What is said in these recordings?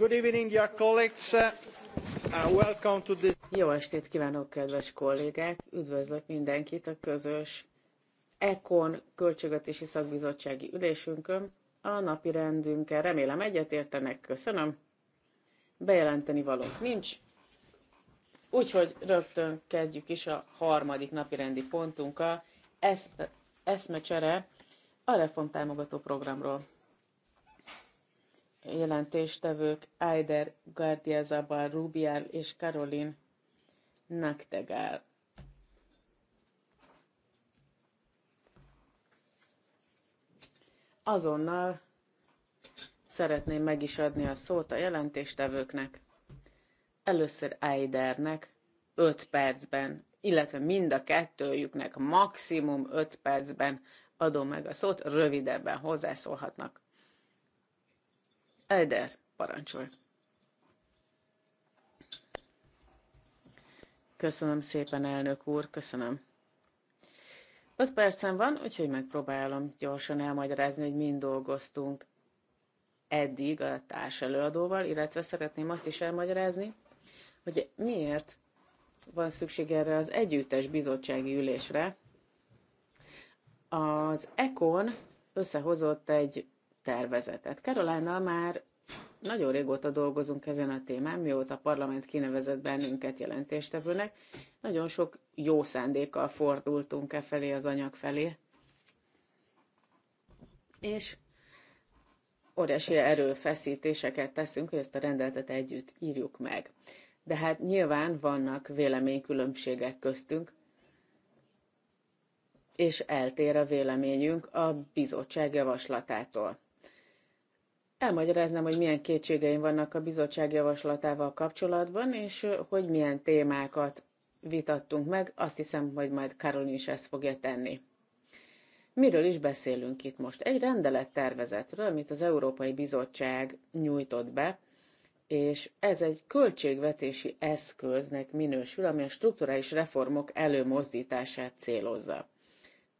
Uh, Jó estét kívánok, kedves kollégák! Üdvözlök mindenkit a közös ECON Költségvetési Szakbizottsági Ülésünkön. A napirendünkkel remélem egyetértenek, köszönöm. Bejelenteni valók nincs. Úgyhogy rögtön kezdjük is a harmadik napirendi rendi pontunkkal, eszmecsere a reformtámogató programról jelentéstevők Eider, Gardia Zabal Rubial és Karolin Naktegál. Azonnal szeretném meg is adni a szót a jelentéstevőknek. Először Eidernek 5 percben, illetve mind a kettőjüknek maximum 5 percben adom meg a szót, rövidebben hozzászólhatnak. Eder, parancsolj! Köszönöm szépen, elnök úr, köszönöm. Öt percem van, úgyhogy megpróbálom gyorsan elmagyarázni, hogy mind dolgoztunk eddig a társelőadóval, illetve szeretném azt is elmagyarázni, hogy miért van szükség erre az együttes bizottsági ülésre. Az ECON összehozott egy tervezetet. Karolánál már nagyon régóta dolgozunk ezen a témán, mióta a parlament kinevezett bennünket jelentéstevőnek. Nagyon sok jó szándékkal fordultunk e felé az anyag felé. És óriási erőfeszítéseket teszünk, hogy ezt a rendeletet együtt írjuk meg. De hát nyilván vannak véleménykülönbségek köztünk, és eltér a véleményünk a bizottság javaslatától elmagyaráznám, hogy milyen kétségeim vannak a bizottság javaslatával kapcsolatban, és hogy milyen témákat vitattunk meg. Azt hiszem, hogy majd Karolin is ezt fogja tenni. Miről is beszélünk itt most? Egy rendelettervezetről, amit az Európai Bizottság nyújtott be, és ez egy költségvetési eszköznek minősül, ami a strukturális reformok előmozdítását célozza.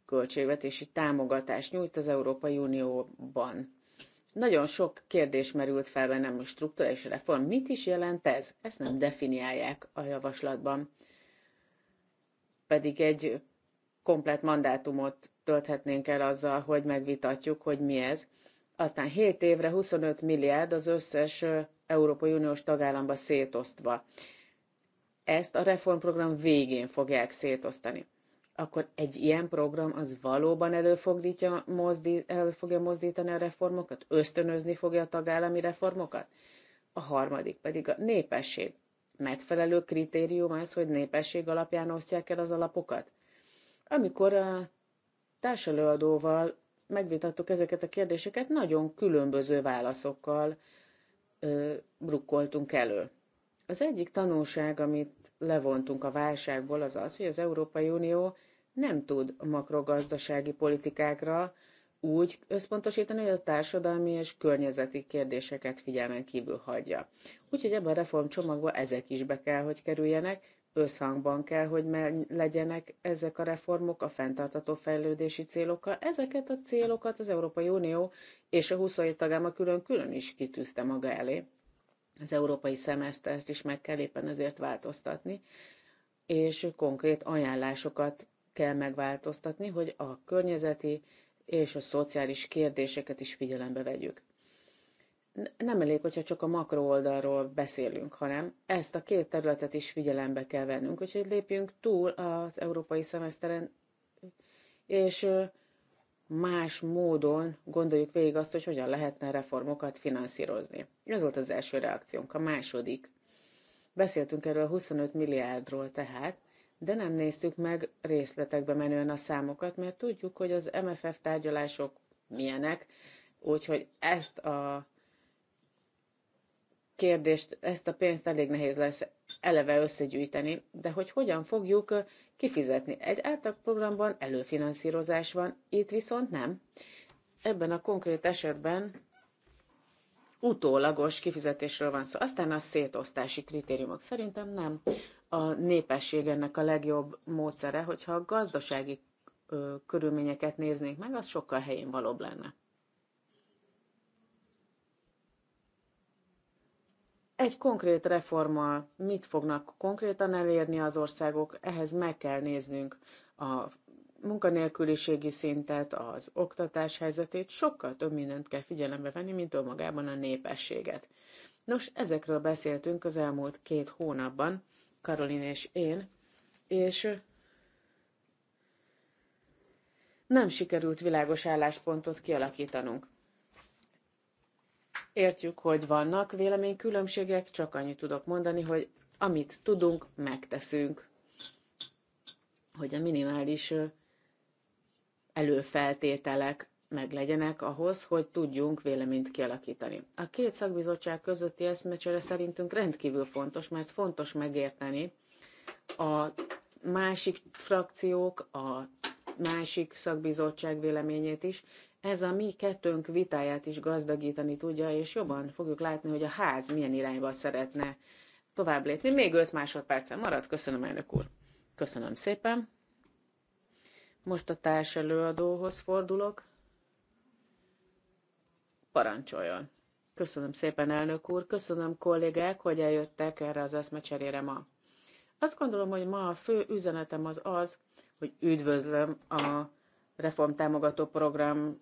Költségvetési támogatást nyújt az Európai Unióban. Nagyon sok kérdés merült fel bennem, a strukturális reform mit is jelent ez? Ezt nem definiálják a javaslatban. Pedig egy komplet mandátumot tölthetnénk el azzal, hogy megvitatjuk, hogy mi ez. Aztán 7 évre 25 milliárd az összes Európai Uniós tagállamba szétosztva. Ezt a reformprogram végén fogják szétosztani akkor egy ilyen program az valóban elő fogja, mozdi, elő fogja mozdítani a reformokat, ösztönözni fogja a tagállami reformokat. A harmadik pedig a népesség. Megfelelő kritérium az, hogy népesség alapján osztják el az alapokat. Amikor a társelőadóval megvitattuk ezeket a kérdéseket, nagyon különböző válaszokkal ö, brukkoltunk elő. Az egyik tanulság, amit levontunk a válságból, az az, hogy az Európai Unió nem tud makrogazdasági politikákra úgy összpontosítani, hogy a társadalmi és környezeti kérdéseket figyelmen kívül hagyja. Úgyhogy ebben a reformcsomagba ezek is be kell, hogy kerüljenek, összhangban kell, hogy legyenek ezek a reformok a fenntartató fejlődési célokkal. Ezeket a célokat az Európai Unió és a 27 tagáma külön-külön is kitűzte maga elé. Az európai szemesztert is meg kell éppen ezért változtatni, és konkrét ajánlásokat kell megváltoztatni, hogy a környezeti és a szociális kérdéseket is figyelembe vegyük. Nem elég, hogyha csak a makro oldalról beszélünk, hanem ezt a két területet is figyelembe kell vennünk, úgyhogy lépjünk túl az európai szemeszteren, és más módon gondoljuk végig azt, hogy hogyan lehetne reformokat finanszírozni. Ez volt az első reakciónk. A második. Beszéltünk erről a 25 milliárdról tehát, de nem néztük meg részletekbe menően a számokat, mert tudjuk, hogy az MFF tárgyalások milyenek, úgyhogy ezt a kérdést, ezt a pénzt elég nehéz lesz eleve összegyűjteni, de hogy hogyan fogjuk kifizetni. Egy átlag programban előfinanszírozás van, itt viszont nem. Ebben a konkrét esetben utólagos kifizetésről van szó. Aztán a szétosztási kritériumok szerintem nem a népesség ennek a legjobb módszere, hogyha a gazdasági ö, körülményeket néznénk meg, az sokkal helyén valóbb lenne. Egy konkrét reformmal mit fognak konkrétan elérni az országok, ehhez meg kell néznünk a munkanélküliségi szintet, az oktatás helyzetét, sokkal több mindent kell figyelembe venni, mint önmagában a népességet. Nos, ezekről beszéltünk az elmúlt két hónapban, Karolin és én, és nem sikerült világos álláspontot kialakítanunk. Értjük, hogy vannak véleménykülönbségek, csak annyit tudok mondani, hogy amit tudunk, megteszünk, hogy a minimális előfeltételek meglegyenek ahhoz, hogy tudjunk véleményt kialakítani. A két szakbizottság közötti eszmecsere szerintünk rendkívül fontos, mert fontos megérteni a másik frakciók, a másik szakbizottság véleményét is. Ez a mi kettőnk vitáját is gazdagítani tudja, és jobban fogjuk látni, hogy a ház milyen irányba szeretne tovább lépni. Még 5 másodpercen marad. Köszönöm, elnök úr. Köszönöm szépen. Most a társelőadóhoz fordulok. Parancsoljon! Köszönöm szépen, elnök úr, köszönöm kollégák, hogy eljöttek erre az eszmecserére ma. Azt gondolom, hogy ma a fő üzenetem az az, hogy üdvözlöm a reformtámogató program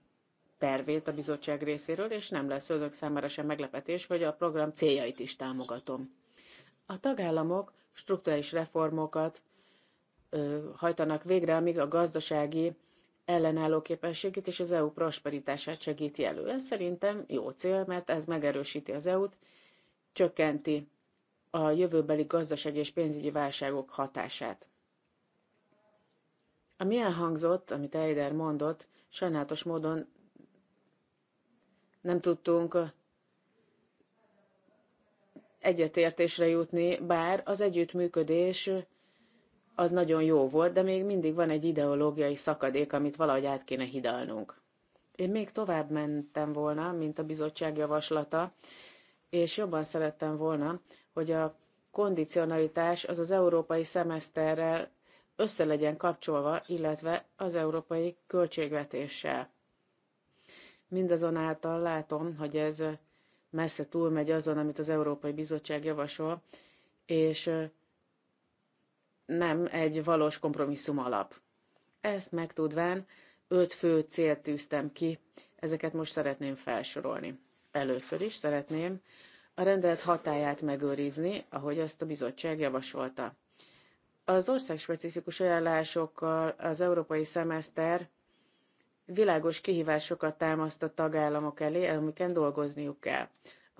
tervét a bizottság részéről, és nem lesz önök számára sem meglepetés, hogy a program céljait is támogatom. A tagállamok strukturális reformokat hajtanak végre, amíg a gazdasági ellenálló képességét és az EU prosperitását segíti elő. Ez szerintem jó cél, mert ez megerősíti az EU-t, csökkenti a jövőbeli gazdasági és pénzügyi válságok hatását. Ami elhangzott, amit Eider mondott, sajnálatos módon nem tudtunk egyetértésre jutni, bár az együttműködés az nagyon jó volt, de még mindig van egy ideológiai szakadék, amit valahogy át kéne hidalnunk. Én még tovább mentem volna, mint a bizottság javaslata, és jobban szerettem volna, hogy a kondicionalitás az az európai szemeszterrel össze legyen kapcsolva, illetve az európai költségvetéssel. Mindazonáltal látom, hogy ez messze túlmegy azon, amit az Európai Bizottság javasol, és nem egy valós kompromisszum alap. Ezt megtudván öt fő célt tűztem ki, ezeket most szeretném felsorolni. Először is szeretném a rendelet hatáját megőrizni, ahogy ezt a bizottság javasolta. Az országspecifikus ajánlásokkal az európai szemeszter világos kihívásokat támaszt a tagállamok elé, amiken dolgozniuk kell.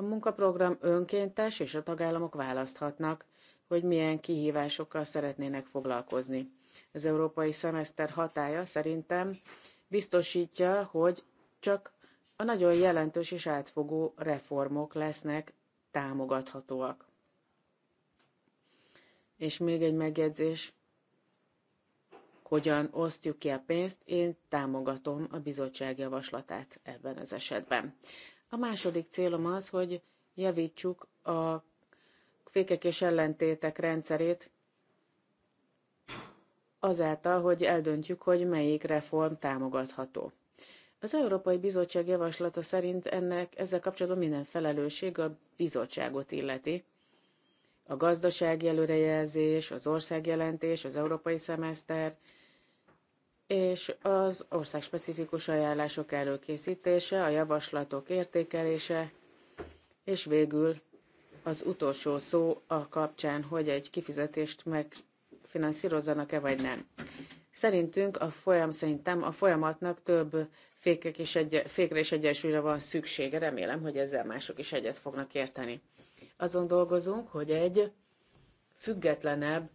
A munkaprogram önkéntes, és a tagállamok választhatnak, hogy milyen kihívásokkal szeretnének foglalkozni. Az európai szemeszter hatája szerintem biztosítja, hogy csak a nagyon jelentős és átfogó reformok lesznek támogathatóak. És még egy megjegyzés, hogyan osztjuk ki a pénzt, én támogatom a bizottság javaslatát ebben az esetben. A második célom az, hogy javítsuk a fékek és ellentétek rendszerét azáltal, hogy eldöntjük, hogy melyik reform támogatható. Az Európai Bizottság javaslata szerint ennek ezzel kapcsolatban minden felelősség a bizottságot illeti. A gazdasági előrejelzés, az országjelentés, az európai szemeszter, és az országspecifikus ajánlások előkészítése, a javaslatok értékelése, és végül az utolsó szó a kapcsán, hogy egy kifizetést megfinanszírozzanak-e vagy nem. Szerintünk a folyam, szerintem a folyamatnak több fékek és egy, fékre és egyensúlyra van szüksége. Remélem, hogy ezzel mások is egyet fognak érteni. Azon dolgozunk, hogy egy függetlenebb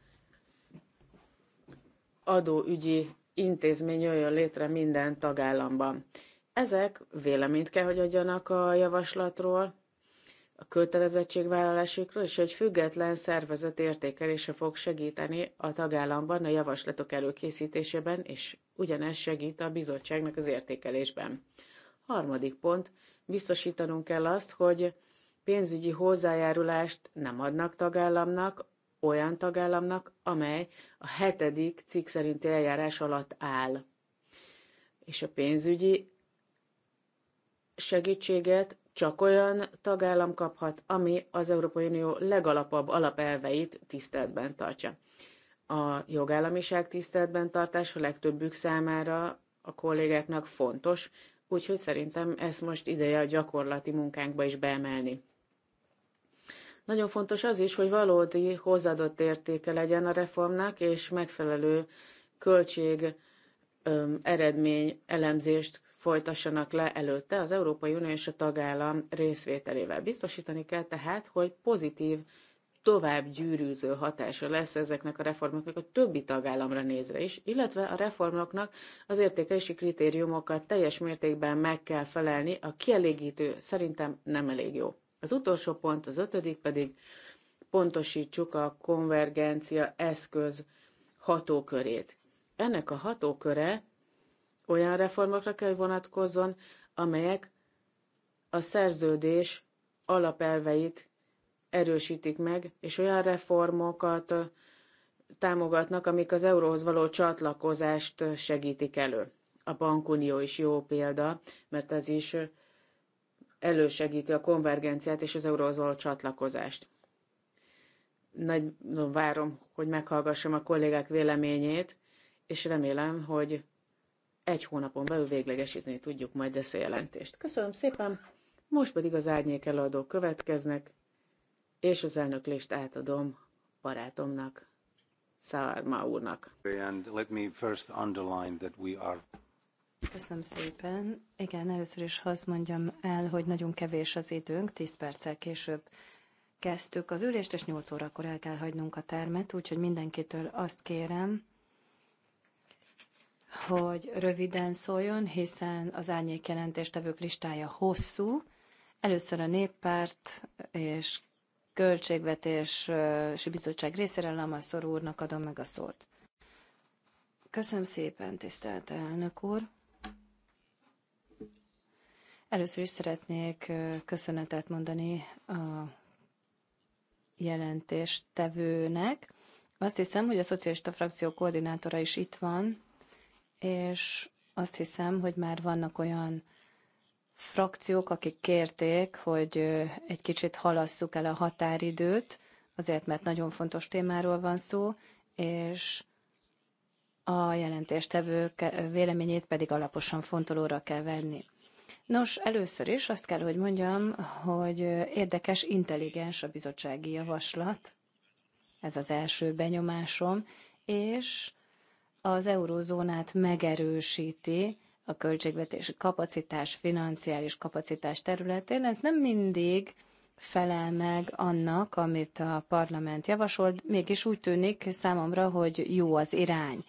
adóügyi intézmény jöjjön létre minden tagállamban. Ezek véleményt kell, hogy adjanak a javaslatról, a kötelezettségvállalásukról, és egy független szervezet értékelése fog segíteni a tagállamban a javaslatok előkészítésében, és ugyanez segít a bizottságnak az értékelésben. Harmadik pont, biztosítanunk kell azt, hogy pénzügyi hozzájárulást nem adnak tagállamnak olyan tagállamnak, amely a hetedik cikk szerinti eljárás alatt áll. És a pénzügyi segítséget csak olyan tagállam kaphat, ami az Európai Unió legalapabb alapelveit tiszteletben tartja. A jogállamiság tiszteletben tartása legtöbbük számára a kollégáknak fontos, úgyhogy szerintem ezt most ideje a gyakorlati munkánkba is beemelni. Nagyon fontos az is, hogy valódi hozzáadott értéke legyen a reformnak, és megfelelő költség öm, eredmény elemzést folytassanak le előtte az Európai Unió és a tagállam részvételével. Biztosítani kell tehát, hogy pozitív, tovább gyűrűző hatása lesz ezeknek a reformoknak a többi tagállamra nézve is, illetve a reformoknak az értékelési kritériumokat teljes mértékben meg kell felelni, a kielégítő szerintem nem elég jó. Az utolsó pont, az ötödik pedig pontosítsuk a konvergencia eszköz hatókörét. Ennek a hatóköre olyan reformokra kell vonatkozzon, amelyek a szerződés alapelveit erősítik meg, és olyan reformokat támogatnak, amik az euróhoz való csatlakozást segítik elő. A bankunió is jó példa, mert ez is elősegíti a konvergenciát és az eurozón csatlakozást. Nagyon várom, hogy meghallgassam a kollégák véleményét, és remélem, hogy egy hónapon belül véglegesíteni tudjuk majd ezt a jelentést. Köszönöm szépen, most pedig az árnyék előadók következnek, és az elnöklést átadom barátomnak, Szárma úrnak. And let me first underline that we are Köszönöm szépen. Igen, először is azt mondjam el, hogy nagyon kevés az időnk, 10 perccel később kezdtük az ülést, és 8 órakor el kell hagynunk a termet, úgyhogy mindenkitől azt kérem, hogy röviden szóljon, hiszen az árnyék jelentéstevők listája hosszú. Először a néppárt és költségvetési bizottság részére Lamaszor úrnak adom meg a szót. Köszönöm szépen, tisztelt elnök úr! Először is szeretnék köszönetet mondani a jelentéstevőnek. Azt hiszem, hogy a szocialista frakció koordinátora is itt van, és azt hiszem, hogy már vannak olyan frakciók, akik kérték, hogy egy kicsit halasszuk el a határidőt, azért, mert nagyon fontos témáról van szó, és a jelentéstevő véleményét pedig alaposan fontolóra kell venni. Nos, először is azt kell, hogy mondjam, hogy érdekes, intelligens a bizottsági javaslat. Ez az első benyomásom, és az eurózónát megerősíti a költségvetési kapacitás, financiális kapacitás területén. Ez nem mindig felel meg annak, amit a parlament javasolt, mégis úgy tűnik számomra, hogy jó az irány.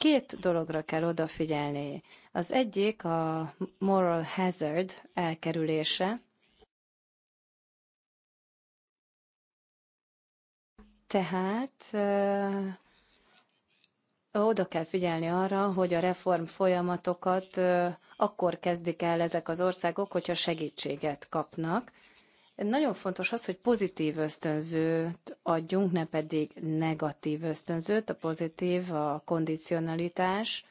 Két dologra kell odafigyelni. Az egyik a moral hazard elkerülése, tehát oda kell figyelni arra, hogy a reform folyamatokat akkor kezdik el ezek az országok, hogyha segítséget kapnak. Nagyon fontos az, hogy pozitív ösztönzőt adjunk, ne pedig negatív ösztönzőt. A pozitív a kondicionalitás,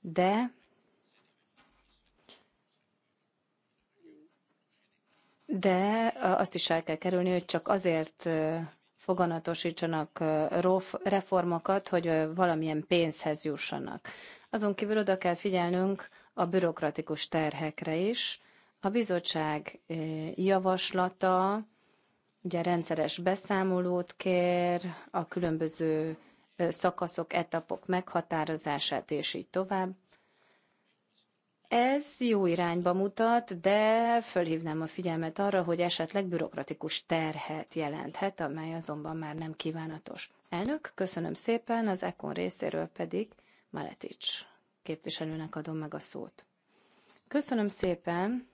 de de azt is el kell kerülni, hogy csak azért foganatosítsanak reformokat, hogy valamilyen pénzhez jussanak. Azon kívül oda kell figyelnünk a bürokratikus terhekre is, a bizottság javaslata ugye rendszeres beszámolót kér, a különböző szakaszok, etapok meghatározását, és így tovább. Ez jó irányba mutat, de fölhívnám a figyelmet arra, hogy esetleg bürokratikus terhet jelenthet, amely azonban már nem kívánatos. Elnök, köszönöm szépen, az EKON részéről pedig Maletics képviselőnek adom meg a szót. Köszönöm szépen!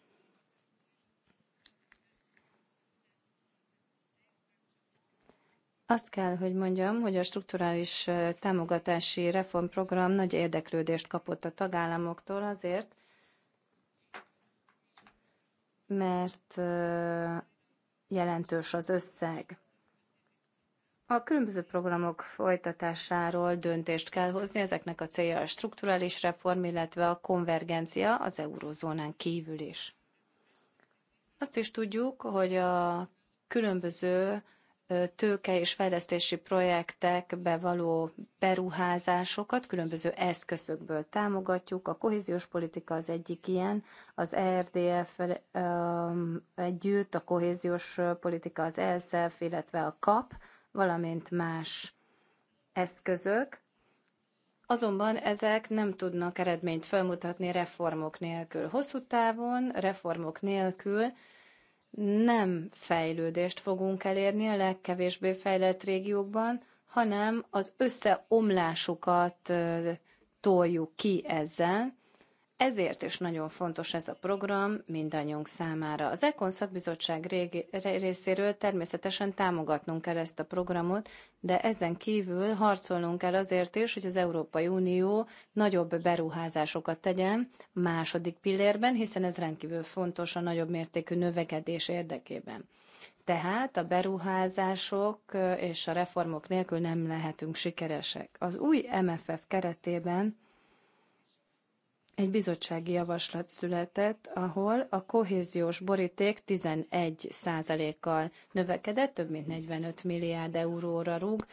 Azt kell, hogy mondjam, hogy a strukturális támogatási reformprogram nagy érdeklődést kapott a tagállamoktól azért, mert jelentős az összeg. A különböző programok folytatásáról döntést kell hozni, ezeknek a célja a strukturális reform, illetve a konvergencia az eurozónán kívül is. Azt is tudjuk, hogy a különböző tőke és fejlesztési projektekbe való beruházásokat különböző eszközökből támogatjuk. A kohéziós politika az egyik ilyen, az ERDF együtt, a kohéziós politika az ELSZEF, illetve a KAP, valamint más eszközök. Azonban ezek nem tudnak eredményt felmutatni reformok nélkül. Hosszú távon reformok nélkül nem fejlődést fogunk elérni a legkevésbé fejlett régiókban, hanem az összeomlásukat toljuk ki ezzel, ezért is nagyon fontos ez a program mindannyiunk számára. Az Ekon szakbizottság régi, részéről természetesen támogatnunk kell ezt a programot, de ezen kívül harcolnunk kell azért is, hogy az Európai Unió nagyobb beruházásokat tegyen második pillérben, hiszen ez rendkívül fontos a nagyobb mértékű növekedés érdekében. Tehát a beruházások és a reformok nélkül nem lehetünk sikeresek. Az új MFF keretében egy bizottsági javaslat született, ahol a kohéziós boríték 11%-kal növekedett, több mint 45 milliárd euróra rúg.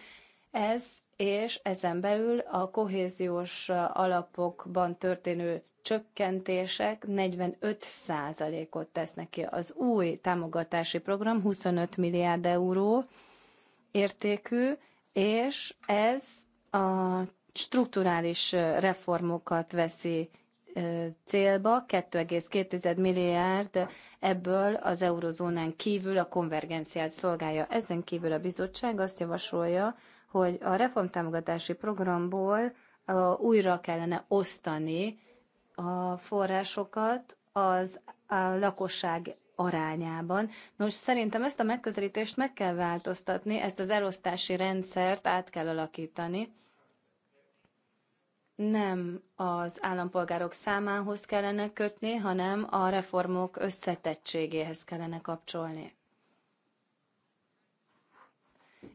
Ez és ezen belül a kohéziós alapokban történő csökkentések 45%-ot tesznek ki. Az új támogatási program 25 milliárd euró értékű, és ez a strukturális reformokat veszi célba, 2,2 milliárd ebből az eurozónán kívül a konvergenciát szolgálja. Ezen kívül a bizottság azt javasolja, hogy a reformtámogatási programból újra kellene osztani a forrásokat az a lakosság arányában. Nos, szerintem ezt a megközelítést meg kell változtatni, ezt az elosztási rendszert át kell alakítani nem az állampolgárok számához kellene kötni, hanem a reformok összetettségéhez kellene kapcsolni.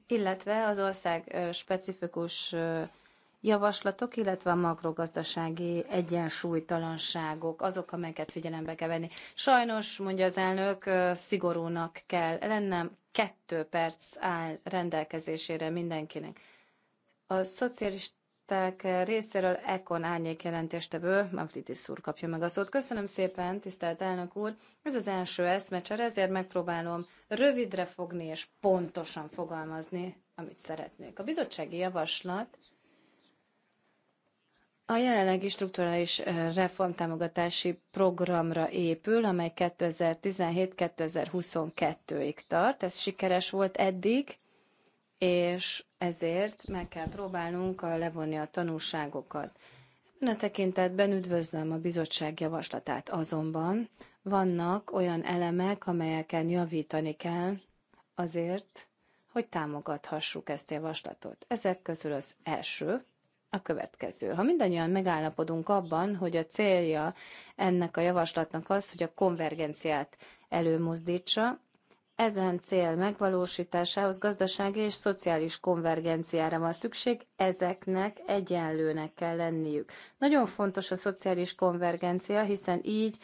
Illetve az ország specifikus javaslatok, illetve a makrogazdasági egyensúlytalanságok, azok, amelyeket figyelembe kell venni. Sajnos, mondja az elnök, szigorúnak kell lennem, kettő perc áll rendelkezésére mindenkinek. A szocialista néppárták eh, részéről Ekon árnyék jelentéstevő, Mavridis úr kapja meg a szót. Köszönöm szépen, tisztelt elnök úr! Ez az első eszmecser, ezért megpróbálom rövidre fogni és pontosan fogalmazni, amit szeretnék. A bizottsági javaslat a jelenlegi strukturális eh, reformtámogatási programra épül, amely 2017-2022-ig tart. Ez sikeres volt eddig, és ezért meg kell próbálnunk a levonni a tanulságokat. Ebben a tekintetben üdvözlöm a bizottság javaslatát, azonban vannak olyan elemek, amelyeken javítani kell azért, hogy támogathassuk ezt a javaslatot. Ezek közül az első, a következő. Ha mindannyian megállapodunk abban, hogy a célja ennek a javaslatnak az, hogy a konvergenciát előmozdítsa, ezen cél megvalósításához gazdasági és szociális konvergenciára van szükség, ezeknek egyenlőnek kell lenniük. Nagyon fontos a szociális konvergencia, hiszen így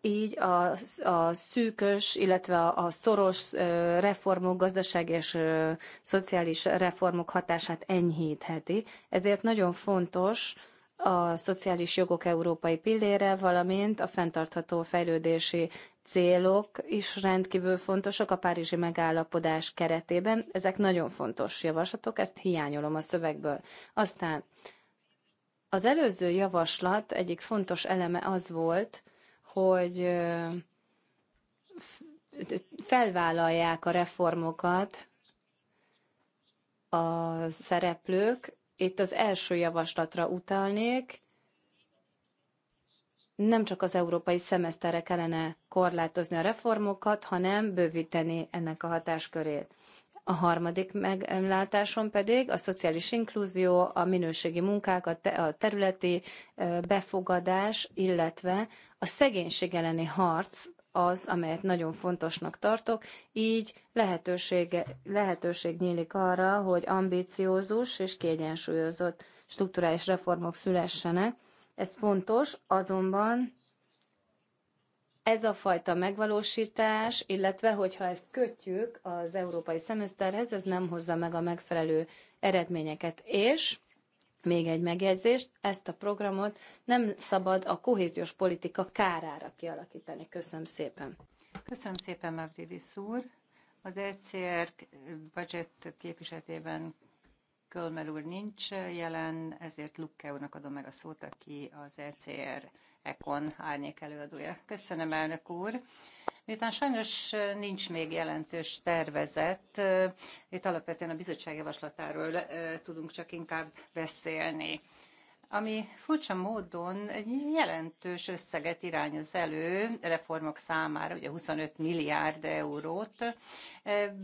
így a, a szűkös, illetve a, a szoros reformok, gazdasági és szociális reformok hatását enyhítheti. Ezért nagyon fontos, a szociális jogok európai pillére, valamint a fenntartható fejlődési célok is rendkívül fontosak a Párizsi megállapodás keretében. Ezek nagyon fontos javaslatok, ezt hiányolom a szövegből. Aztán az előző javaslat egyik fontos eleme az volt, hogy felvállalják a reformokat a szereplők, itt az első javaslatra utalnék, nem csak az európai szemeszterre kellene korlátozni a reformokat, hanem bővíteni ennek a hatáskörét. A harmadik meglátásom pedig a szociális inkluzió, a minőségi munkák, a, területi befogadás, illetve a szegénység elleni harc az, amelyet nagyon fontosnak tartok, így lehetősége, lehetőség nyílik arra, hogy ambíciózus és kiegyensúlyozott strukturális reformok szülessenek. Ez fontos, azonban ez a fajta megvalósítás, illetve hogyha ezt kötjük az európai szemeszterhez, ez nem hozza meg a megfelelő eredményeket. És még egy megjegyzést, ezt a programot nem szabad a kohéziós politika kárára kialakítani. Köszönöm szépen. Köszönöm szépen, Mavridis úr. Az ECR budget képviseletében Kölmer úr nincs jelen, ezért Lukke úrnak adom meg a szót, aki az ECR econ árnyék előadója. Köszönöm, elnök úr. Miután sajnos nincs még jelentős tervezet, itt alapvetően a bizottság javaslatáról tudunk csak inkább beszélni ami furcsa módon egy jelentős összeget irányoz elő reformok számára, ugye 25 milliárd eurót,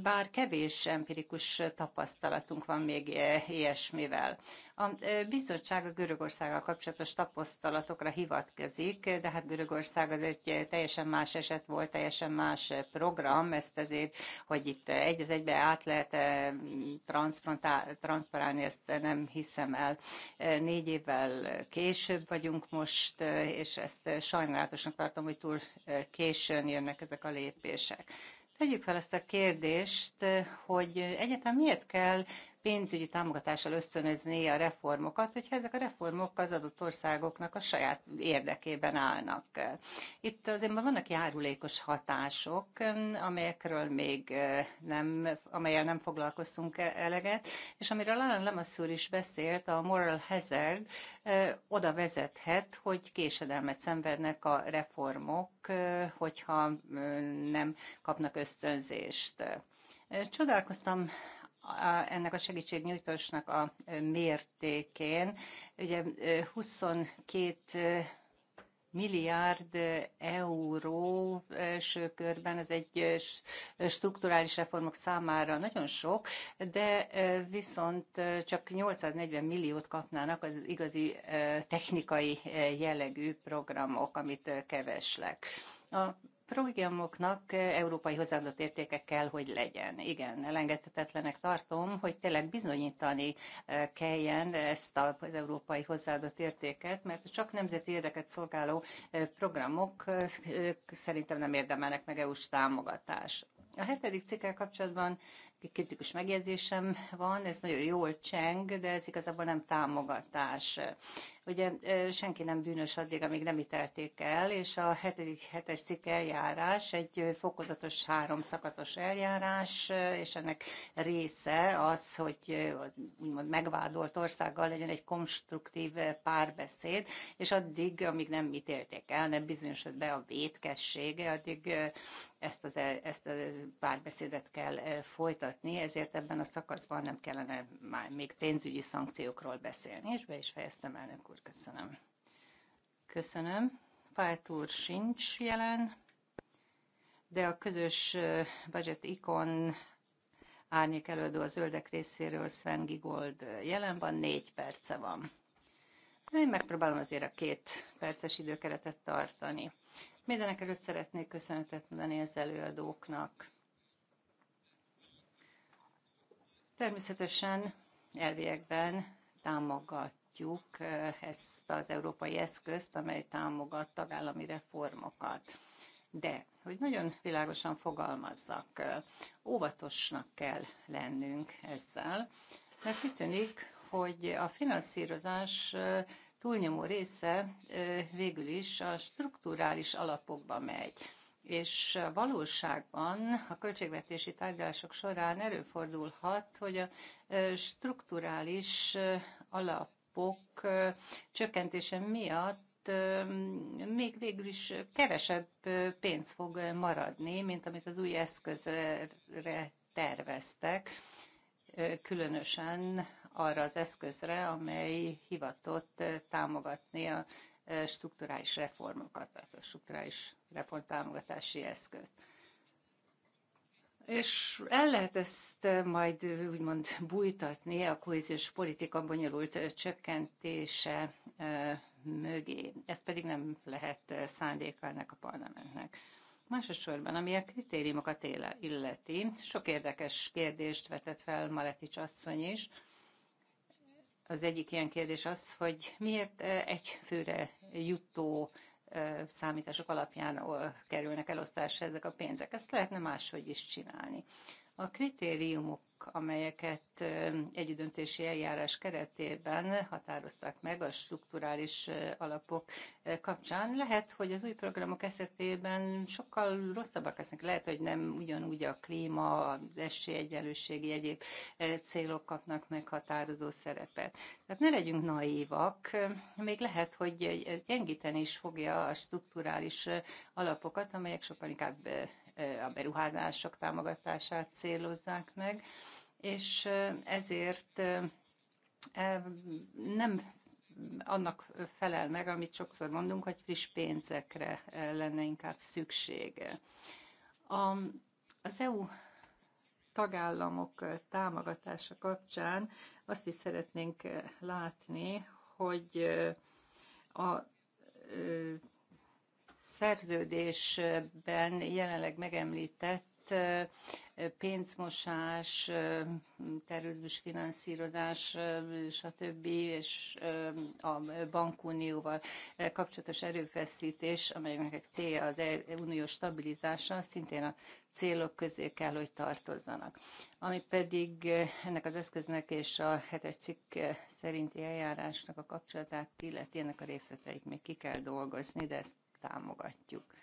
bár kevés empirikus tapasztalatunk van még ilyesmivel. A bizottság a Görögországgal kapcsolatos tapasztalatokra hivatkozik, de hát Görögország az egy teljesen más eset volt, teljesen más program, ezt azért, hogy itt egy az egybe át lehet transzparálni, ezt nem hiszem el. Négy évvel később vagyunk most, és ezt sajnálatosnak tartom, hogy túl későn jönnek ezek a lépések. Tegyük fel ezt a kérdést, hogy egyáltalán miért kell pénzügyi támogatással ösztönözné a reformokat, hogyha ezek a reformok az adott országoknak a saját érdekében állnak. Itt azért vannak járulékos hatások, amelyekről még eh, nem, amelyel nem foglalkoztunk e- eleget, és amiről Alan Lemassur is beszélt, a moral hazard eh, oda vezethet, hogy késedelmet szenvednek a reformok, eh, hogyha nem kapnak ösztönzést. Csodálkoztam ennek a segítségnyújtósnak a mértékén. Ugye 22 milliárd euró első körben, ez egy strukturális reformok számára nagyon sok, de viszont csak 840 milliót kapnának az igazi technikai jellegű programok, amit keveslek. A programoknak európai hozzáadott értéke kell, hogy legyen. Igen, elengedhetetlenek tartom, hogy tényleg bizonyítani kelljen ezt az európai hozzáadott értéket, mert csak nemzeti érdeket szolgáló programok szerintem nem érdemelnek meg EU-s támogatást. A hetedik cikkel kapcsolatban kritikus megjegyzésem van, ez nagyon jól cseng, de ez igazából nem támogatás. Ugye senki nem bűnös addig, amíg nem ítélték el, és a 7. hetes cikk eljárás egy fokozatos három szakaszos eljárás, és ennek része az, hogy úgymond megvádolt országgal legyen egy konstruktív párbeszéd, és addig, amíg nem ítélték el, nem bizonyosod be a vétkessége, addig ezt, az, e, ezt a párbeszédet kell folytatni, ezért ebben a szakaszban nem kellene már még pénzügyi szankciókról beszélni, és be is fejeztem elnök akkor köszönöm. Köszönöm. Pájt úr sincs jelen, de a közös budget ikon árnyék előadó a zöldek részéről Sven Gigold jelen van, négy perce van. Én megpróbálom azért a két perces időkeretet tartani. Mindenek előtt szeretnék köszönetet mondani az előadóknak. Természetesen elviekben támogat támogatjuk ezt az európai eszközt, amely támogat tagállami reformokat. De, hogy nagyon világosan fogalmazzak, óvatosnak kell lennünk ezzel, mert úgy tűnik, hogy a finanszírozás túlnyomó része végül is a strukturális alapokba megy és valóságban a költségvetési tárgyalások során előfordulhat, hogy a strukturális alap alapok csökkentése miatt még végül is kevesebb pénz fog maradni, mint amit az új eszközre terveztek, különösen arra az eszközre, amely hivatott támogatni a strukturális reformokat, tehát a strukturális reformtámogatási eszközt. És el lehet ezt eh, majd eh, úgymond bújtatni a kohéziós politika bonyolult eh, csökkentése mögé. Ez pedig nem lehet szándéka ennek a parlamentnek. Másodszorban, ami a kritériumokat illeti, sok érdekes kérdést vetett fel Maletics asszony is. Az egyik ilyen kérdés az, hogy miért egy főre jutó számítások alapján kerülnek elosztásra ezek a pénzek. Ezt lehetne máshogy is csinálni. A kritériumok amelyeket együttdöntési eljárás keretében határozták meg a strukturális alapok kapcsán. Lehet, hogy az új programok esetében sokkal rosszabbak lesznek. Lehet, hogy nem ugyanúgy a klíma, az esélyegyenlőségi egyéb célok kapnak meghatározó szerepet. Tehát ne legyünk naívak, még lehet, hogy gyengíteni is fogja a strukturális alapokat, amelyek sokkal inkább a beruházások támogatását célozzák meg, és ezért nem annak felel meg, amit sokszor mondunk, hogy friss pénzekre lenne inkább szüksége. A, az EU tagállamok támogatása kapcsán azt is szeretnénk látni, hogy a szerződésben jelenleg megemlített pénzmosás, terrorizmus finanszírozás, stb. és a bankunióval kapcsolatos erőfeszítés, amelynek célja az e unió stabilizása, szintén a célok közé kell, hogy tartozzanak. Ami pedig ennek az eszköznek és a hetes cikk szerinti eljárásnak a kapcsolatát illeti, ennek a részleteit még ki kell dolgozni, de ezt támogatjuk.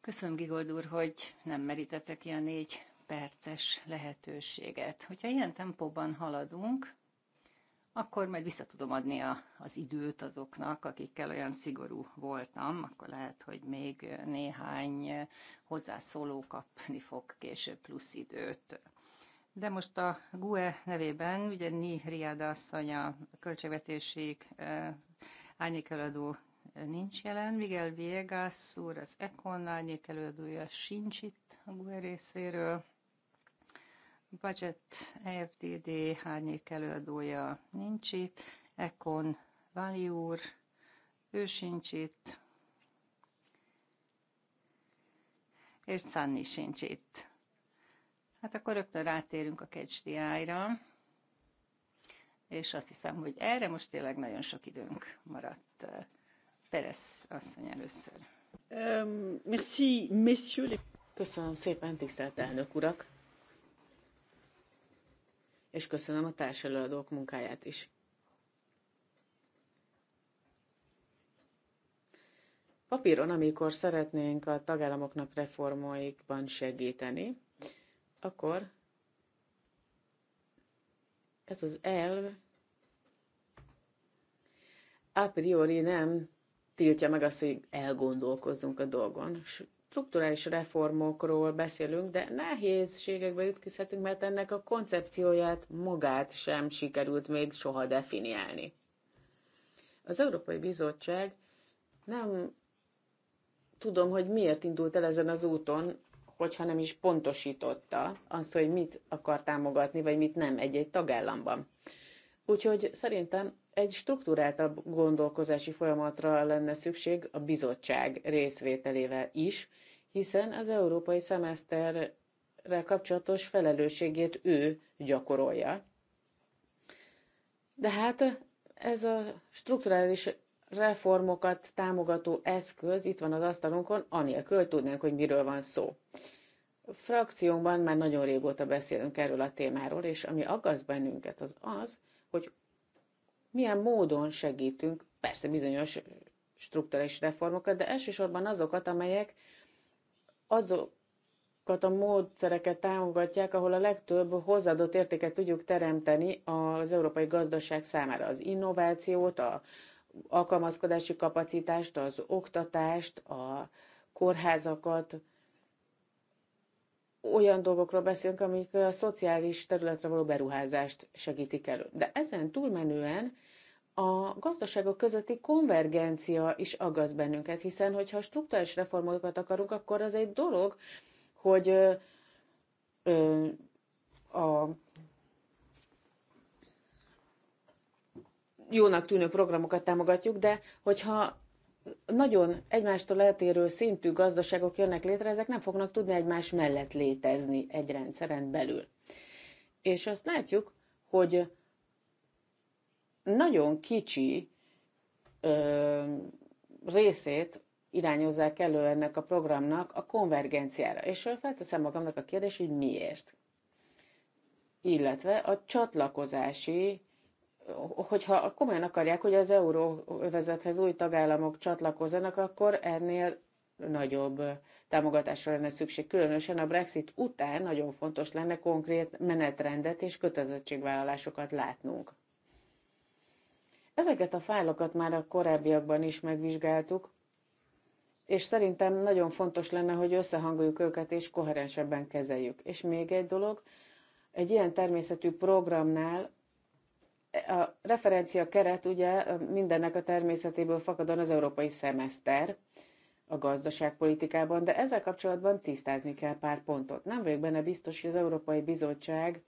Köszönöm, Gigold úr, hogy nem merítette ki a négy perces lehetőséget. Hogyha ilyen tempóban haladunk, akkor majd vissza tudom adni a, az időt azoknak, akikkel olyan szigorú voltam, akkor lehet, hogy még néhány hozzászóló kapni fog később plusz időt. De most a GUE nevében, ugye Ni Riada asszony a költségvetési eh, árnyékeladó nincs jelen. Miguel Viegas úr az Econ árnyék előadója sincs itt a GUE részéről. Budget EFDD árnyék előadója nincs itt. Econ Vali úr, ő sincs itt. És Sunny sincs itt. Hát akkor rögtön rátérünk a KCDI-ra és azt hiszem, hogy erre most tényleg nagyon sok időnk maradt. Köszönöm szépen, tisztelt elnök urak! És köszönöm a társelőadók munkáját is. Papíron, amikor szeretnénk a tagállamoknak reformaikban segíteni, akkor ez az elv a priori nem tiltja meg azt, hogy elgondolkozzunk a dolgon. Strukturális reformokról beszélünk, de nehézségekbe ütközhetünk, mert ennek a koncepcióját magát sem sikerült még soha definiálni. Az Európai Bizottság nem tudom, hogy miért indult el ezen az úton, hogyha nem is pontosította azt, hogy mit akar támogatni, vagy mit nem egy-egy tagállamban. Úgyhogy szerintem egy struktúráltabb gondolkozási folyamatra lenne szükség a bizottság részvételével is, hiszen az európai szemeszterrel kapcsolatos felelősségét ő gyakorolja. De hát ez a strukturális reformokat támogató eszköz itt van az asztalunkon, anélkül, hogy tudnánk, hogy miről van szó. A frakciónkban már nagyon régóta beszélünk erről a témáról, és ami aggaszt bennünket az az, hogy milyen módon segítünk, persze bizonyos strukturális reformokat, de elsősorban azokat, amelyek azok, azokat a módszereket támogatják, ahol a legtöbb hozzáadott értéket tudjuk teremteni az európai gazdaság számára. Az innovációt, a alkalmazkodási kapacitást, az oktatást, a kórházakat, olyan dolgokról beszélünk, amik a szociális területre való beruházást segítik elő. De ezen túlmenően a gazdaságok közötti konvergencia is aggaszt bennünket, hiszen hogyha struktúrális reformokat akarunk, akkor az egy dolog, hogy ö, ö, a jónak tűnő programokat támogatjuk, de hogyha nagyon egymástól eltérő szintű gazdaságok jönnek létre, ezek nem fognak tudni egymás mellett létezni egy rendszeren belül. És azt látjuk, hogy nagyon kicsi ö, részét irányozzák elő ennek a programnak a konvergenciára. És felteszem magamnak a kérdést, hogy miért. Illetve a csatlakozási hogyha komolyan akarják, hogy az euróvezethez új tagállamok csatlakozzanak, akkor ennél nagyobb támogatásra lenne szükség. Különösen a Brexit után nagyon fontos lenne konkrét menetrendet és kötelezettségvállalásokat látnunk. Ezeket a fájlokat már a korábbiakban is megvizsgáltuk, és szerintem nagyon fontos lenne, hogy összehangoljuk őket és koherensebben kezeljük. És még egy dolog, egy ilyen természetű programnál a referencia keret ugye mindennek a természetéből fakadon az európai szemeszter a gazdaságpolitikában, de ezzel kapcsolatban tisztázni kell pár pontot. Nem vagyok benne biztos, hogy az Európai Bizottság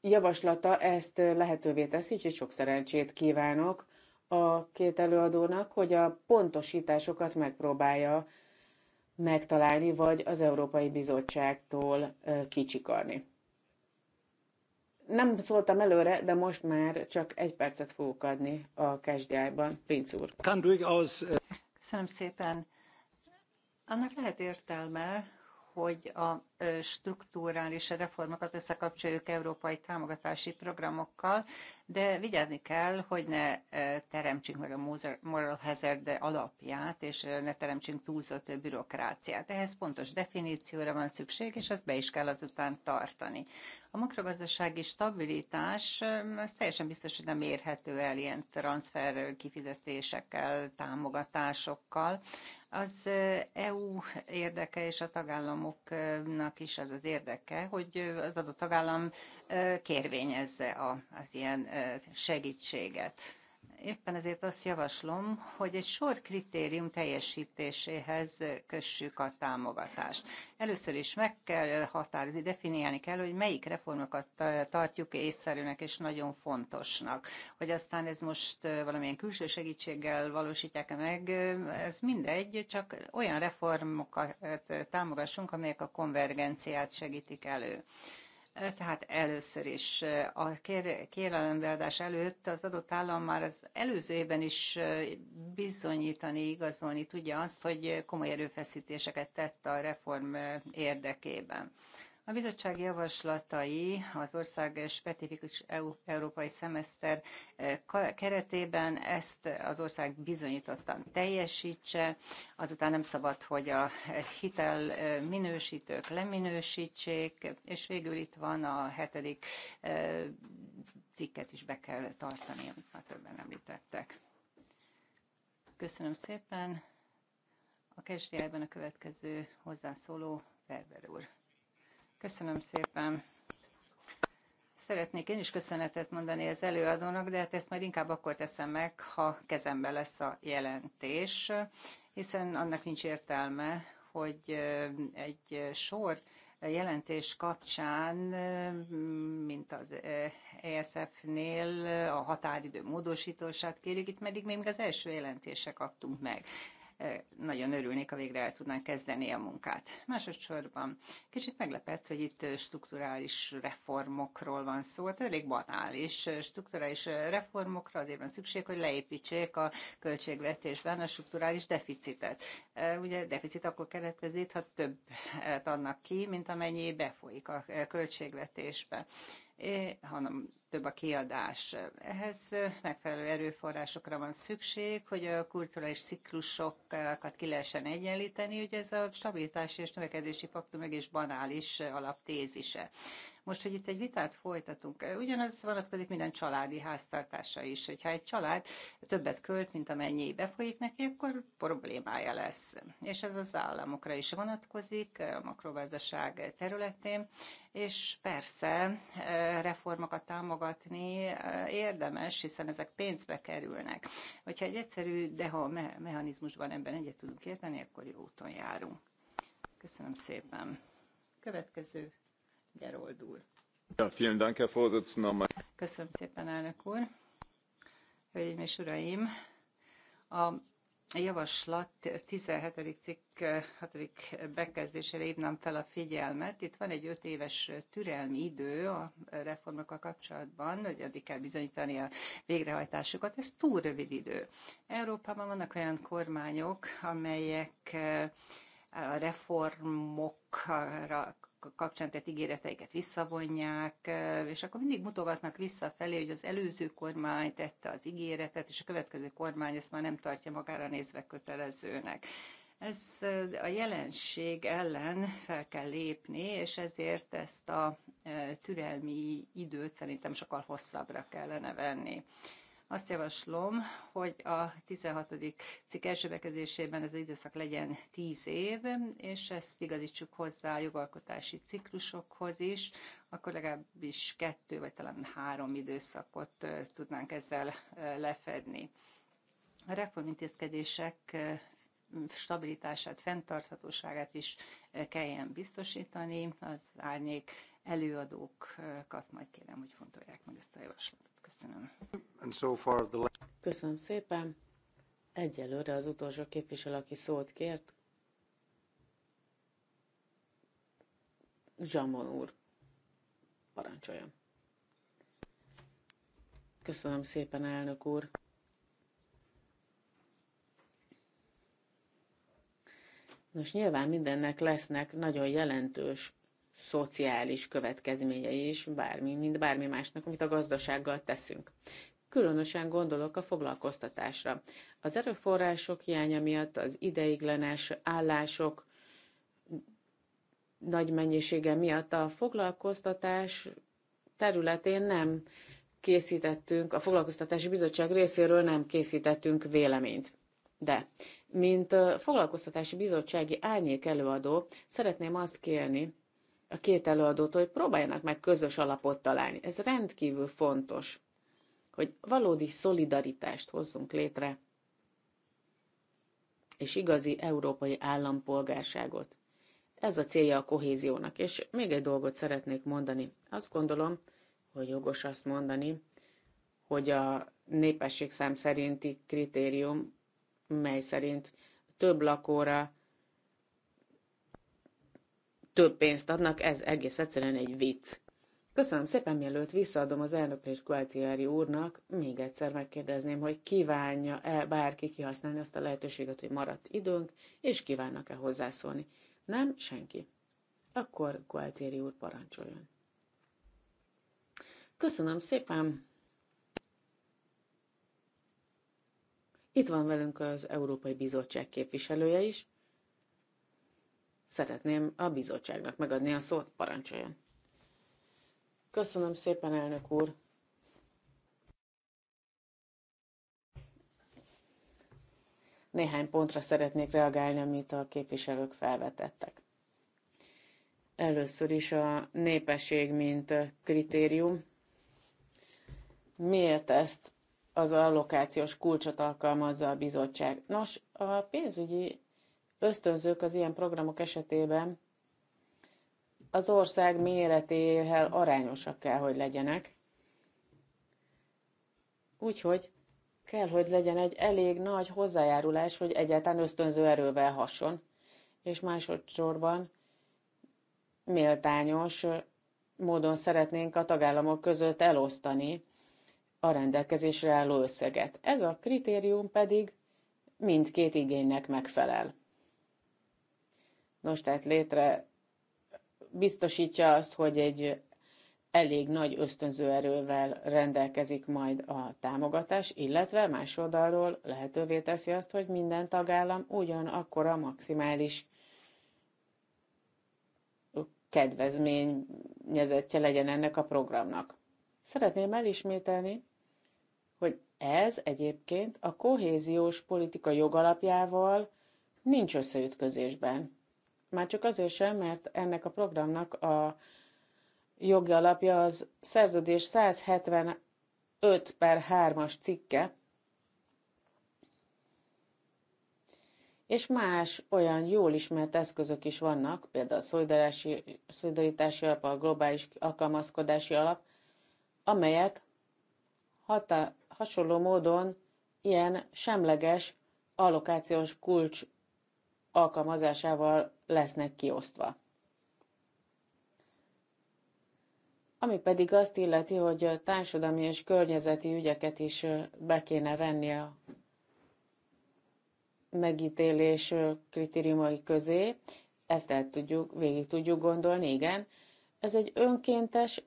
javaslata ezt lehetővé teszi, úgyhogy sok szerencsét kívánok a két előadónak, hogy a pontosításokat megpróbálja megtalálni, vagy az Európai Bizottságtól kicsikarni nem szóltam előre, de most már csak egy percet fogok adni a kezdjájban, ban úr. Köszönöm szépen. Annak lehet értelme, hogy a strukturális reformokat összekapcsoljuk európai támogatási programokkal, de vigyázni kell, hogy ne teremtsünk meg a moral hazard alapját, és ne teremtsünk túlzott bürokráciát. Ehhez pontos definícióra van szükség, és ezt be is kell azután tartani. A makrogazdasági stabilitás, az teljesen biztos, hogy nem érhető el ilyen transfer kifizetésekkel, támogatásokkal. Az EU érdeke és a tagállamoknak is az az érdeke, hogy az adott tagállam kérvényezze az ilyen segítséget. Éppen ezért azt javaslom, hogy egy sor kritérium teljesítéséhez kössük a támogatást. Először is meg kell határozni, definiálni kell, hogy melyik reformokat tartjuk észszerűnek és nagyon fontosnak. Hogy aztán ez most valamilyen külső segítséggel valósítják -e meg, ez mindegy, csak olyan reformokat támogassunk, amelyek a konvergenciát segítik elő. Tehát először is a kérelembeadás előtt az adott állam már az előző évben is bizonyítani, igazolni tudja azt, hogy komoly erőfeszítéseket tett a reform érdekében. A bizottság javaslatai az ország specifikus EU, európai szemeszter eh, keretében ezt az ország bizonyítottan teljesítse, azután nem szabad, hogy a eh, hitel eh, minősítők leminősítsék, és végül itt van a hetedik cikket is be kell tartani, amit már többen említettek. Köszönöm szépen. A kezdjelben a következő hozzászóló Ferber úr. Köszönöm szépen. Szeretnék én is köszönetet mondani az előadónak, de hát ezt majd inkább akkor teszem meg, ha kezembe lesz a jelentés, hiszen annak nincs értelme, hogy egy sor jelentés kapcsán, mint az ESF-nél a határidő módosítását kérjük, itt pedig még az első jelentése kaptunk meg nagyon örülnék, ha végre el tudnánk kezdeni a munkát. Másodszorban kicsit meglepett, hogy itt strukturális reformokról van szó, hát elég banális strukturális reformokra azért van szükség, hogy leépítsék a költségvetésben a strukturális deficitet. Ugye deficit akkor keletkezik, ha több adnak ki, mint amennyi befolyik a költségvetésbe hanem több a kiadás. Ehhez megfelelő erőforrásokra van szükség, hogy a kulturális ciklusokat ki lehessen egyenlíteni, ugye ez a stabilitási és növekedési paktum meg is banális alaptézise. Most, hogy itt egy vitát folytatunk, ugyanaz vonatkozik minden családi háztartása is, hogyha egy család többet költ, mint amennyi befolyik neki, akkor problémája lesz. És ez az államokra is vonatkozik, a makrogazdaság területén, és persze eh, reformokat támogatunk, támogatni eh, érdemes, hiszen ezek pénzbe kerülnek. Hogyha egy egyszerű de mechanizmus mechanizmusban ebben egyet tudunk érteni, akkor jó úton járunk. Köszönöm szépen. Következő, Gerold úr. Köszönöm szépen, elnök úr. Hölgyeim és uraim, a a javaslat 17. cikk 6. bekezdésére hívnám fel a figyelmet. Itt van egy 5 éves türelmi idő a reformokkal kapcsolatban, hogy addig kell bizonyítani a végrehajtásukat. Ez túl rövid idő. Európában vannak olyan kormányok, amelyek a reformokra kapcsán tett ígéreteiket visszavonják, és akkor mindig mutogatnak visszafelé, hogy az előző kormány tette az ígéretet, és a következő kormány ezt már nem tartja magára nézve kötelezőnek. Ez a jelenség ellen fel kell lépni, és ezért ezt a türelmi időt szerintem sokkal hosszabbra kellene venni. Azt javaslom, hogy a 16. cikk első bekezdésében ez az időszak legyen 10 év, és ezt igazítsuk hozzá a jogalkotási ciklusokhoz is, akkor legalábbis kettő vagy talán három időszakot tudnánk ezzel lefedni. A reformintézkedések stabilitását, fenntarthatóságát is kelljen biztosítani. Az árnyék előadókat majd kérem, hogy fontolják meg ezt a javaslatot. Köszönöm. so far the... Köszönöm szépen. Egyelőre az utolsó képviselő, aki szót kért, Zsamon úr. Parancsoljon. Köszönöm szépen, elnök úr. Nos, nyilván mindennek lesznek nagyon jelentős szociális következményei is, bármi, mint bármi másnak, amit a gazdasággal teszünk. Különösen gondolok a foglalkoztatásra. Az erőforrások hiánya miatt az ideiglenes állások nagy mennyisége miatt a foglalkoztatás területén nem készítettünk, a Foglalkoztatási Bizottság részéről nem készítettünk véleményt. De, mint Foglalkoztatási Bizottsági Árnyék előadó, szeretném azt kérni, a két előadót, hogy próbáljanak meg közös alapot találni. Ez rendkívül fontos, hogy valódi szolidaritást hozzunk létre, és igazi európai állampolgárságot. Ez a célja a kohéziónak. És még egy dolgot szeretnék mondani. Azt gondolom, hogy jogos azt mondani, hogy a népességszám szám szerinti kritérium, mely szerint több lakóra több pénzt adnak, ez egész egyszerűen egy vicc. Köszönöm szépen, mielőtt visszaadom az elnök és Gualtieri úrnak, még egyszer megkérdezném, hogy kívánja-e bárki kihasználni azt a lehetőséget, hogy maradt időnk, és kívánnak-e hozzászólni. Nem? Senki. Akkor Gualtieri úr parancsoljon. Köszönöm szépen! Itt van velünk az Európai Bizottság képviselője is, Szeretném a bizottságnak megadni a szót, parancsoljon. Köszönöm szépen, elnök úr. Néhány pontra szeretnék reagálni, amit a képviselők felvetettek. Először is a népesség, mint kritérium. Miért ezt az allokációs kulcsot alkalmazza a bizottság? Nos, a pénzügyi ösztönzők az ilyen programok esetében az ország méretéhez arányosak kell, hogy legyenek. Úgyhogy kell, hogy legyen egy elég nagy hozzájárulás, hogy egyáltalán ösztönző erővel hason, és másodszorban méltányos módon szeretnénk a tagállamok között elosztani a rendelkezésre álló összeget. Ez a kritérium pedig mindkét igénynek megfelel. Nos, tehát létre biztosítja azt, hogy egy elég nagy ösztönző erővel rendelkezik majd a támogatás, illetve más oldalról lehetővé teszi azt, hogy minden tagállam ugyanakkor a maximális kedvezményezettje legyen ennek a programnak. Szeretném elismételni, hogy ez egyébként a kohéziós politika jogalapjával nincs összeütközésben. Már csak azért sem, mert ennek a programnak a jogi alapja az szerződés 175 per 3-as cikke, és más olyan jól ismert eszközök is vannak, például a szolidaritási alap, a globális alkalmazkodási alap, amelyek hata, hasonló módon ilyen semleges allokációs kulcs alkalmazásával lesznek kiosztva. Ami pedig azt illeti, hogy a társadalmi és környezeti ügyeket is be kéne venni a megítélés kritériumai közé, ezt el tudjuk, végig tudjuk gondolni, igen. Ez egy önkéntes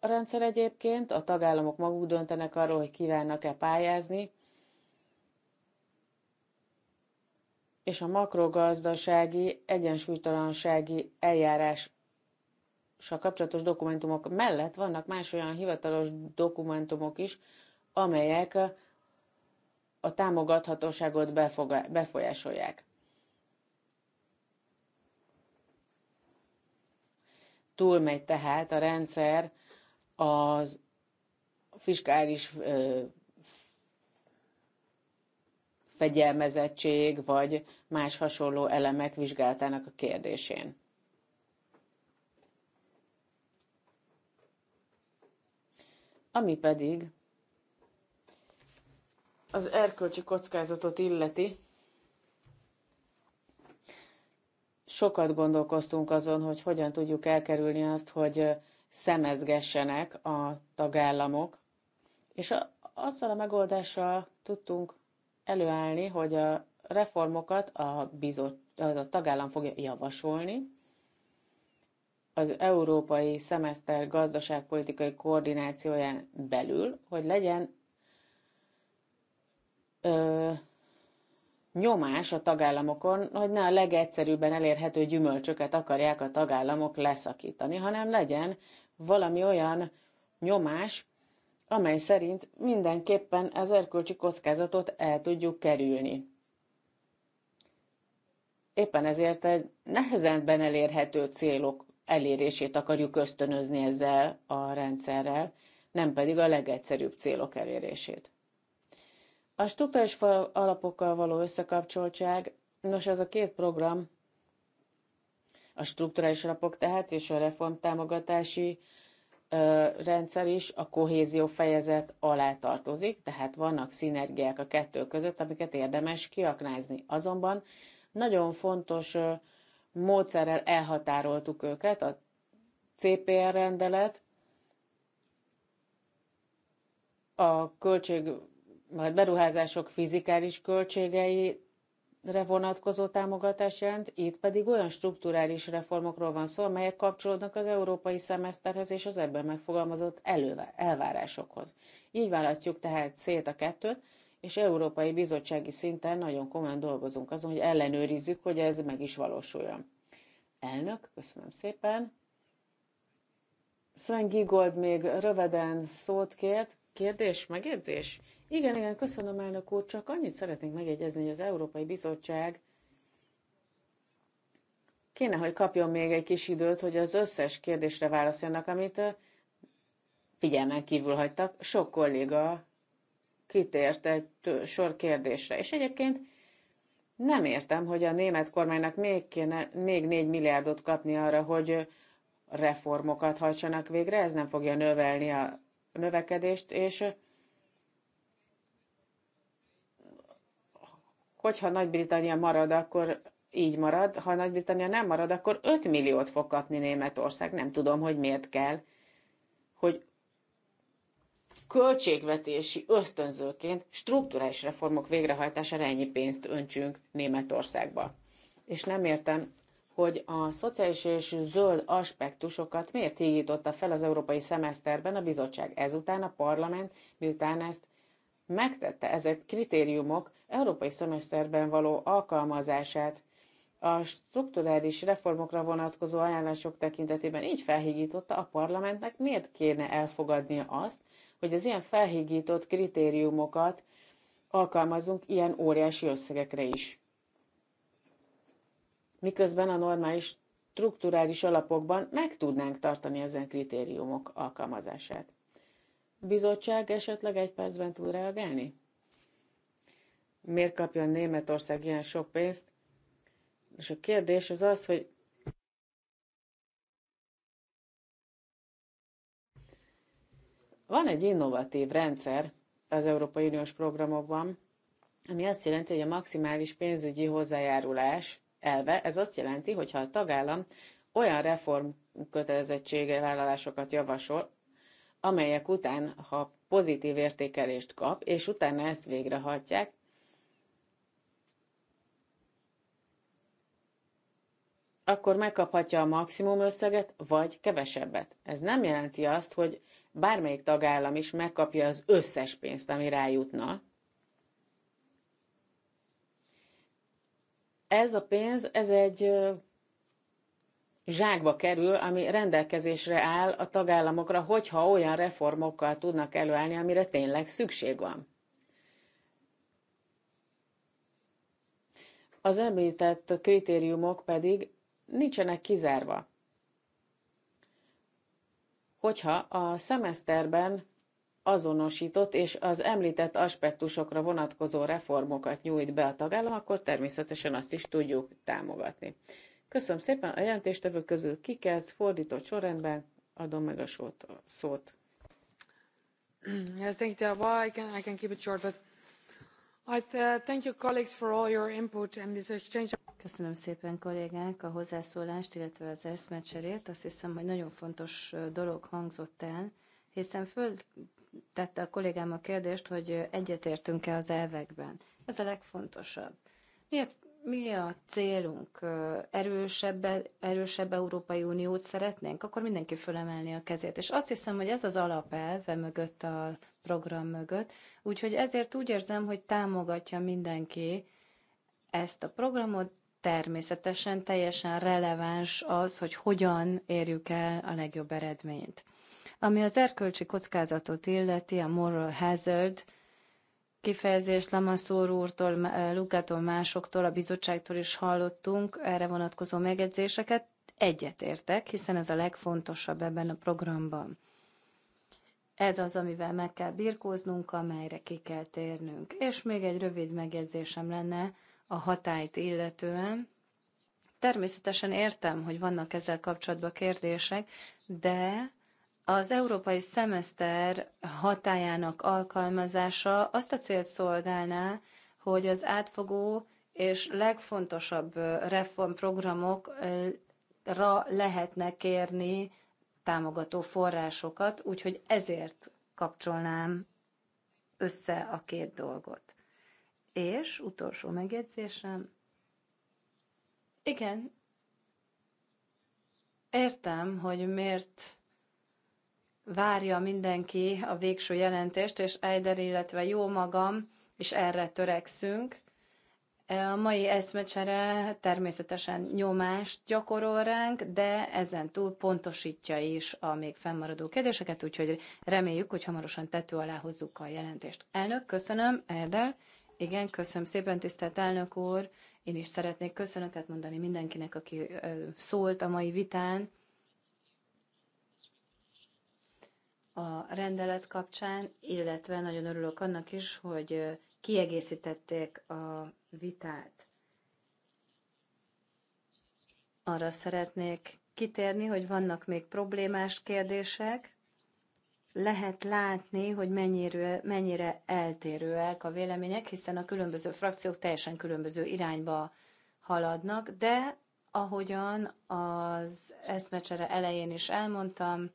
rendszer egyébként, a tagállamok maguk döntenek arról, hogy kívánnak-e pályázni, és a makrogazdasági egyensúlytalansági eljárással kapcsolatos dokumentumok mellett vannak más olyan hivatalos dokumentumok is, amelyek a támogathatóságot befolyásolják. Túlmegy tehát a rendszer az fiskális fegyelmezettség vagy más hasonló elemek vizsgáltának a kérdésén. Ami pedig az erkölcsi kockázatot illeti, sokat gondolkoztunk azon, hogy hogyan tudjuk elkerülni azt, hogy szemezgessenek a tagállamok, és azzal a megoldással tudtunk előállni, hogy a reformokat a, bizott az a tagállam fogja javasolni, az európai szemeszter gazdaságpolitikai koordinációján belül, hogy legyen ö, nyomás a tagállamokon, hogy ne a legegyszerűbben elérhető gyümölcsöket akarják a tagállamok leszakítani, hanem legyen valami olyan nyomás, amely szerint mindenképpen az erkölcsi kockázatot el tudjuk kerülni. Éppen ezért egy nehezenben elérhető célok elérését akarjuk ösztönözni ezzel a rendszerrel, nem pedig a legegyszerűbb célok elérését. A struktúrás alapokkal való összekapcsoltság, nos ez a két program, a strukturális alapok tehát és a reformtámogatási rendszer is a kohézió fejezet alá tartozik, tehát vannak szinergiák a kettő között, amiket érdemes kiaknázni. Azonban nagyon fontos módszerrel elhatároltuk őket, a CPR rendelet, a költség, vagy beruházások fizikális költségei vonatkozó támogatás jelent, itt pedig olyan strukturális reformokról van szó, amelyek kapcsolódnak az európai szemeszterhez és az ebben megfogalmazott elővá- elvárásokhoz. Így választjuk tehát szét a kettőt, és Európai Bizottsági szinten nagyon komolyan dolgozunk azon, hogy ellenőrizzük, hogy ez meg is valósuljon. Elnök, köszönöm szépen. Sven Gigold még röveden szót kért, Kérdés, megjegyzés? Igen, igen, köszönöm, elnök úr, csak annyit szeretnénk megjegyezni, hogy az Európai Bizottság kéne, hogy kapjon még egy kis időt, hogy az összes kérdésre válaszoljanak, amit figyelmen kívül hagytak. Sok kolléga kitért egy sor kérdésre. És egyébként nem értem, hogy a német kormánynak még, kéne, még 4 milliárdot kapni arra, hogy reformokat hajtsanak végre, ez nem fogja növelni a növekedést, és hogyha Nagy-Britannia marad, akkor így marad, ha Nagy-Britannia nem marad, akkor 5 milliót fog kapni Németország. Nem tudom, hogy miért kell, hogy költségvetési ösztönzőként strukturális reformok végrehajtására ennyi pénzt öntsünk Németországba. És nem értem, hogy a szociális és zöld aspektusokat miért hígította fel az európai szemeszterben a bizottság. Ezután a parlament, miután ezt megtette ezek kritériumok európai szemeszterben való alkalmazását a strukturális reformokra vonatkozó ajánlások tekintetében így felhígította a parlamentnek, miért kéne elfogadnia azt, hogy az ilyen felhígított kritériumokat alkalmazunk ilyen óriási összegekre is miközben a normális strukturális alapokban meg tudnánk tartani ezen kritériumok alkalmazását. A bizottság esetleg egy percben tud reagálni? Miért kapjon Németország ilyen sok pénzt? És a kérdés az az, hogy van egy innovatív rendszer az Európai Uniós programokban, ami azt jelenti, hogy a maximális pénzügyi hozzájárulás elve. Ez azt jelenti, hogy ha a tagállam olyan reform kötelezettsége vállalásokat javasol, amelyek után, ha pozitív értékelést kap, és utána ezt végrehajtják, akkor megkaphatja a maximum összeget, vagy kevesebbet. Ez nem jelenti azt, hogy bármelyik tagállam is megkapja az összes pénzt, ami rájutna, Ez a pénz, ez egy zsákba kerül, ami rendelkezésre áll a tagállamokra, hogyha olyan reformokkal tudnak előállni, amire tényleg szükség van. Az említett kritériumok pedig nincsenek kizárva. Hogyha a szemeszterben azonosított és az említett aspektusokra vonatkozó reformokat nyújt be a tagállam, akkor természetesen azt is tudjuk támogatni. Köszönöm szépen, a jelentéstevő közül ki fordított sorrendben adom meg a szót. szót. Yes, thank you, Well, I can, I can keep it short, but I uh, thank you colleagues for all your input and this exchange. Köszönöm szépen kollégák a hozzászólást, illetve az eszmecserét. Azt hiszem, hogy nagyon fontos dolog hangzott el, hiszen föl tette a kollégám a kérdést, hogy egyetértünk-e az elvekben. Ez a legfontosabb. Mi a, mi a célunk? Erősebb, erősebb Európai Uniót szeretnénk? Akkor mindenki fölemelni a kezét. És azt hiszem, hogy ez az alapelve mögött a program mögött. Úgyhogy ezért úgy érzem, hogy támogatja mindenki ezt a programot, természetesen teljesen releváns az, hogy hogyan érjük el a legjobb eredményt. Ami az erkölcsi kockázatot illeti, a moral hazard kifejezést Lamaszór úrtól, eh, Lukától, másoktól, a bizottságtól is hallottunk erre vonatkozó megjegyzéseket. Egyetértek, hiszen ez a legfontosabb ebben a programban. Ez az, amivel meg kell birkóznunk, amelyre ki kell térnünk. És még egy rövid megjegyzésem lenne a hatályt illetően. Természetesen értem, hogy vannak ezzel kapcsolatban kérdések, de az európai szemeszter hatájának alkalmazása azt a célt szolgálná, hogy az átfogó és legfontosabb reformprogramokra lehetne kérni támogató forrásokat, úgyhogy ezért kapcsolnám össze a két dolgot. És utolsó megjegyzésem. Igen, értem, hogy miért várja mindenki a végső jelentést, és Eider, illetve jó magam, és erre törekszünk. A mai eszmecsere természetesen nyomást gyakorol ránk, de ezen túl pontosítja is a még fennmaradó kérdéseket, úgyhogy reméljük, hogy hamarosan tető alá hozzuk a jelentést. Elnök, köszönöm, Eider. Igen, köszönöm szépen, tisztelt elnök úr. Én is szeretnék köszönetet mondani mindenkinek, aki szólt a mai vitán. a rendelet kapcsán, illetve nagyon örülök annak is, hogy kiegészítették a vitát. Arra szeretnék kitérni, hogy vannak még problémás kérdések. Lehet látni, hogy mennyire, mennyire eltérőek a vélemények, hiszen a különböző frakciók teljesen különböző irányba haladnak, de ahogyan az eszmecsere elején is elmondtam,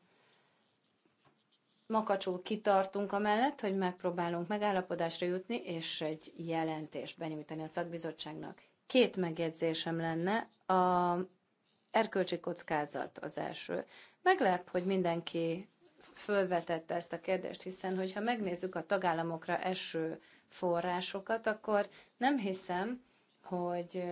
makacsul kitartunk amellett, hogy megpróbálunk megállapodásra jutni, és egy jelentést benyújtani a szakbizottságnak. Két megjegyzésem lenne, a erkölcsi kockázat az első. Meglep, hogy mindenki fölvetette ezt a kérdést, hiszen hogyha megnézzük a tagállamokra eső forrásokat, akkor nem hiszem, hogy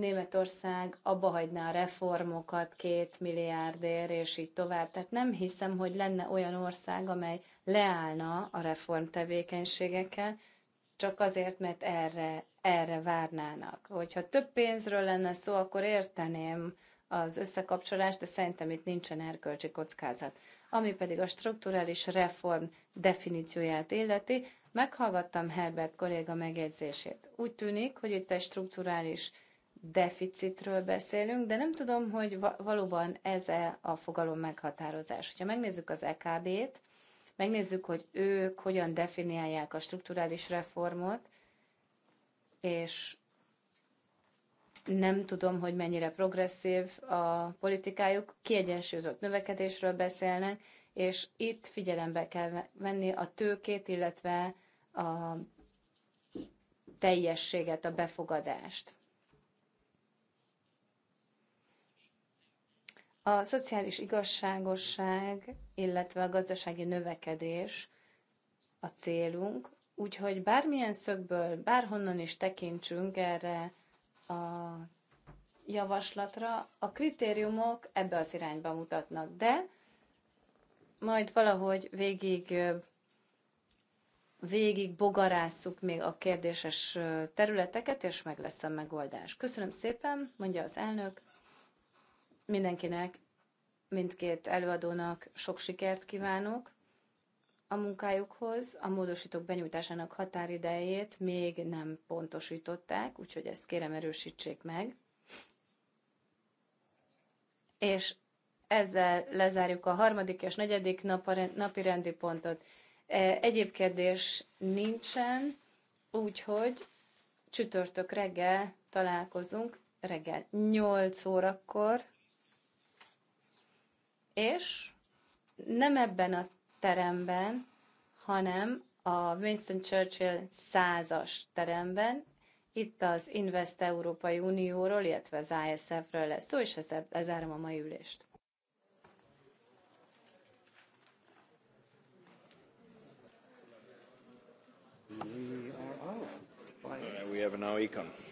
Németország abba hagyná a reformokat két milliárdért, és így tovább. Tehát nem hiszem, hogy lenne olyan ország, amely leállna a reform tevékenységekkel, csak azért, mert erre, erre várnának. Hogyha több pénzről lenne szó, akkor érteném az összekapcsolást, de szerintem itt nincsen erkölcsi kockázat. Ami pedig a strukturális reform definícióját illeti, meghallgattam Herbert kolléga megjegyzését. Úgy tűnik, hogy itt egy strukturális deficitről beszélünk, de nem tudom, hogy valóban ez -e a fogalom meghatározás. Ha megnézzük az EKB-t, megnézzük, hogy ők hogyan definiálják a strukturális reformot, és nem tudom, hogy mennyire progresszív a politikájuk, kiegyensúlyozott növekedésről beszélnek, és itt figyelembe kell venni a tőkét, illetve a teljességet, a befogadást. A szociális igazságosság, illetve a gazdasági növekedés a célunk, úgyhogy bármilyen szögből, bárhonnan is tekintsünk erre a javaslatra, a kritériumok ebbe az irányba mutatnak, de majd valahogy végig végig bogarásszuk még a kérdéses területeket, és meg lesz a megoldás. Köszönöm szépen, mondja az elnök. Mindenkinek, mindkét előadónak sok sikert kívánok a munkájukhoz. A módosítók benyújtásának határidejét még nem pontosították, úgyhogy ezt kérem erősítsék meg. És ezzel lezárjuk a harmadik és negyedik napi rendi pontot. E, egyéb kérdés nincsen, úgyhogy csütörtök reggel találkozunk, reggel 8 órakor és nem ebben a teremben, hanem a Winston Churchill százas teremben, itt az Invest Európai Unióról, illetve az ISF-ről lesz szó, és ezzel lezárom a mai ülést. We are out. Uh, we have now econ.